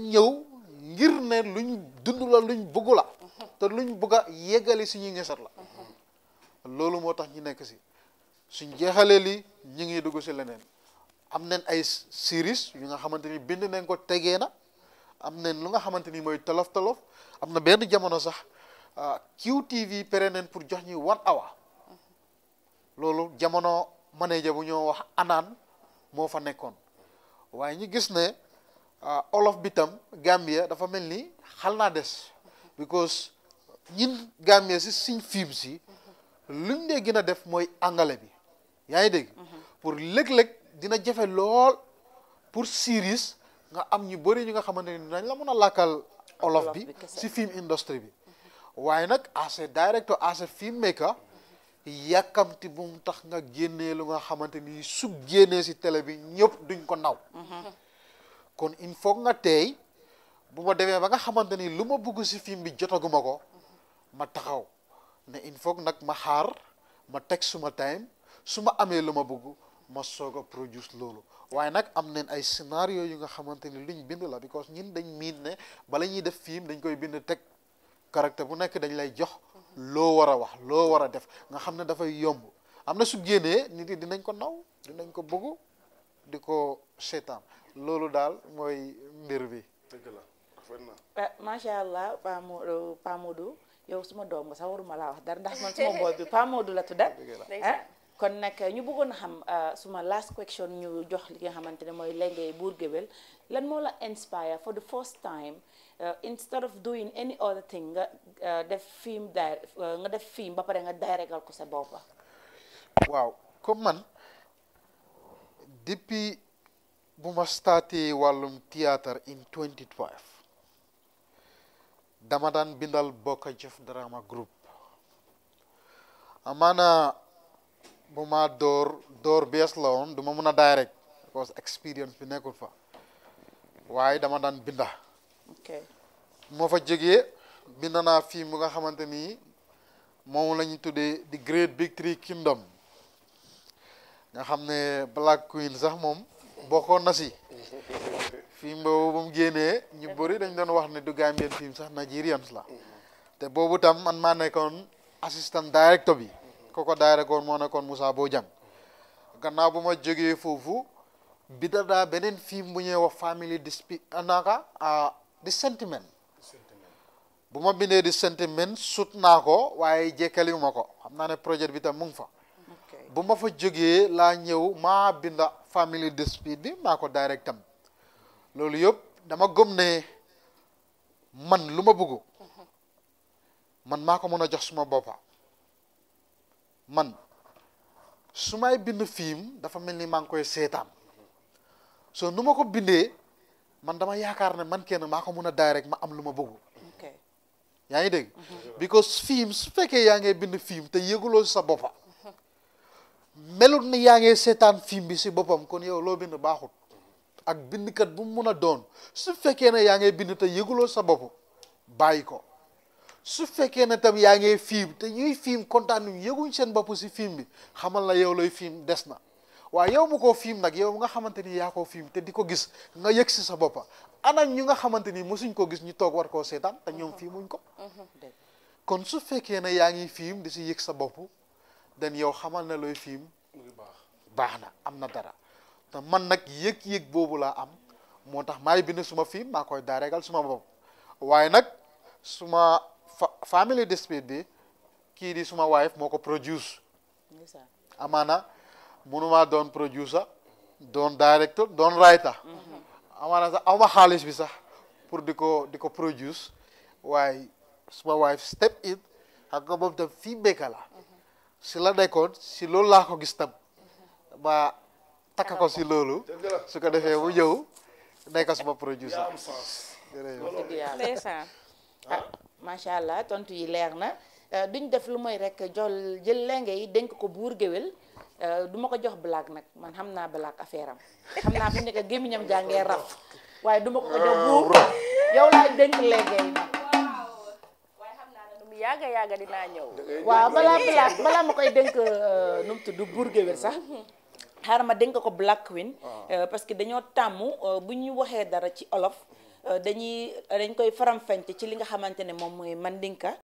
ñëw ngir ne luñ dund la luñ bëggu la te luñ bëgg a yeggali suñuy ñesat la loolu moo tax ñu nekk si suñ jeexalee li ñu ngi dugg si leneen am nañ ay series yu nga xamante ni bind nañ ko tegee na am nañ lu nga xamante ni mooy tolof tolof am na benn jamono sax ah, QTV pere nañ pour jox ñi one hour loolu jamono manager bu ñoo wax anaan moo fa nekkoon waaye ñu gis ne Euh, olof bi tam Gambia dafa mel ni xal naa des because ñin Gambia si suñ film si luñ dee gën a def mooy angale bi yaa ngi dégg pour léeg-léeg dina jafe lool pour series nga am ñi bëri ñu nga xamante ni dinañ la mën a làkkal olof bi si film industry bi waaye nag as a director as a filmmaker yàkkamti bu mu tax nga génnee lu nga xamante ni su génnee si télé bi ñëpp duñ ko naw kon il faut nga teey bu ma demee ba nga xamante ni lu ma bugg si film bi jotaguma ko ma taxaw ne il faut nag ma xaar ma teg suma time su ma amee lu ma bugg ma soog a produce loolu waaye nag am neen ay scénario yu nga xamante ni luñ bind la because ñun dañ miin ne bala ñuy def fiim dañ koy bind teg caractère bu nekk dañ lay jox loo war a wax loo war a def nga xam ne dafay yomb am na su génnee nit yi dinañ ko naw dinañ ko bëgg di ko seetaan loolu daal mooy mbir bi. dëgg la rafet eh, macha allah Pa Modou du Modou yow suma doom nga sax waruma laa wax dara ndax man suma boy bi Pa Modou la tudda ah kon nag ñu bëggoon a xam eh, suma last question ñu jox li nga xamante ne mooy lengee buur géwél lan moo la inspire for the first time instead of doing any other thing nga def film daay nga def film ba pare nga directal ko sa boppa waaw comme man depuis bumastati ma wàllum théâtre in 2012 Damadan bindal Boka Jeff Drama Group amana bu ma door door bees la woon du direct because experience bi nekkul fa waaye dama daan binda moo fa jógee bind naa mu nga xamante The Great Big Three Kingdom nga xam Black Queen sax bokkoon na si fi boobu ba mu génnee ñu bëri dañ doon wax ne du Gambien film sax Nigerians la te boobu tam man maa nekkoon assistant directeur bi koko directeur moo nekkoon boo Bojang gannaaw bu ma jógee foofu bi beneen film bu ñuy wax family dispi naka di ah, sentiment bu ma bindee di sentiment sut naa ko waaye jekkaliwu ma ko xam naa ne projet bi tam mu ngi fa bu ma fa jógee laa ñëw maa binda family dispute bi maa ko direct am loolu yëpp dama gom ne man lu ma bëgg man maa ko mën a jox suma boppa man su may bind fiim dafa mel ni maa ngi koy seetaan so nu ma ko bindee man dama yaakaar ne man kenn maa ko mën a direct ma am lu ma bëgg yaa ngi dégg mhm. because film su fekkee yaa ngay bind film te yëguloo sa boppa melut ni yaa ngi seetaan film bi si boppam kon yow loo bind baaxut ak bindkat bu mu mun a doon su fekkee ne yaa ngi bind te yëguloo sa bopp bàyyi ko su fekkee ne tam yaa ngi fiim te ñuy fiim kontaan ñu seen bopp si fiim bi xamal la yow lay fiim des na waaye yow mu ko fiim nag yow nga xamante ni yaa ko fiim te di ko gis nga yëg si sa boppa ana ñu nga xamante ni suñ ko gis ñu toog war koo seetaan te ñoom mhm. fiimuñ ko mhm. kon su fekkee ne yaa ngi fiim di si yëg sa bopp dan yow xamal na looy fiim baax na am na dara te man nag yëg-yëg boobu laa am moo tax maay bind suma fiim maa koy daaregal suma bopp waaye nag suma family dispute bi kii di suma wife moo ko produce amaana ma doon producer doon directeur doon writer mm-hmm. amaana sax awma xaalis bi sax pour di ko di ko produce waaye suma wife step in xam nga moom fii mbékka la mm-hmm. si la nekkoon si loolu laa ko gis tam ma takk ko si loolu su ko defee mu ñëw nekk suma producer ah. macha allah tontu yi leer na eh, duñ def lu moy rek jol jël lenge yi dénk ko buur gewel eh, du ma ko jox blag nak man xamna blag blague affaire am xam naa fi nekk gémmiñam jangé raf waye duma ko ko jox buur yow la denk lenge yi yàgga yàgga dinaa ñëw waaw balaa balaa ma koy dénk euh, nu du tudd buur géwél sax xaaral ma dénk ko Black Queen ah. euh, parce que dañoo tàmm euh, bu ñu waxee dara ci olof dañuy dañ koy faram-fàcce ci li nga xamante ne moom mooy mandinka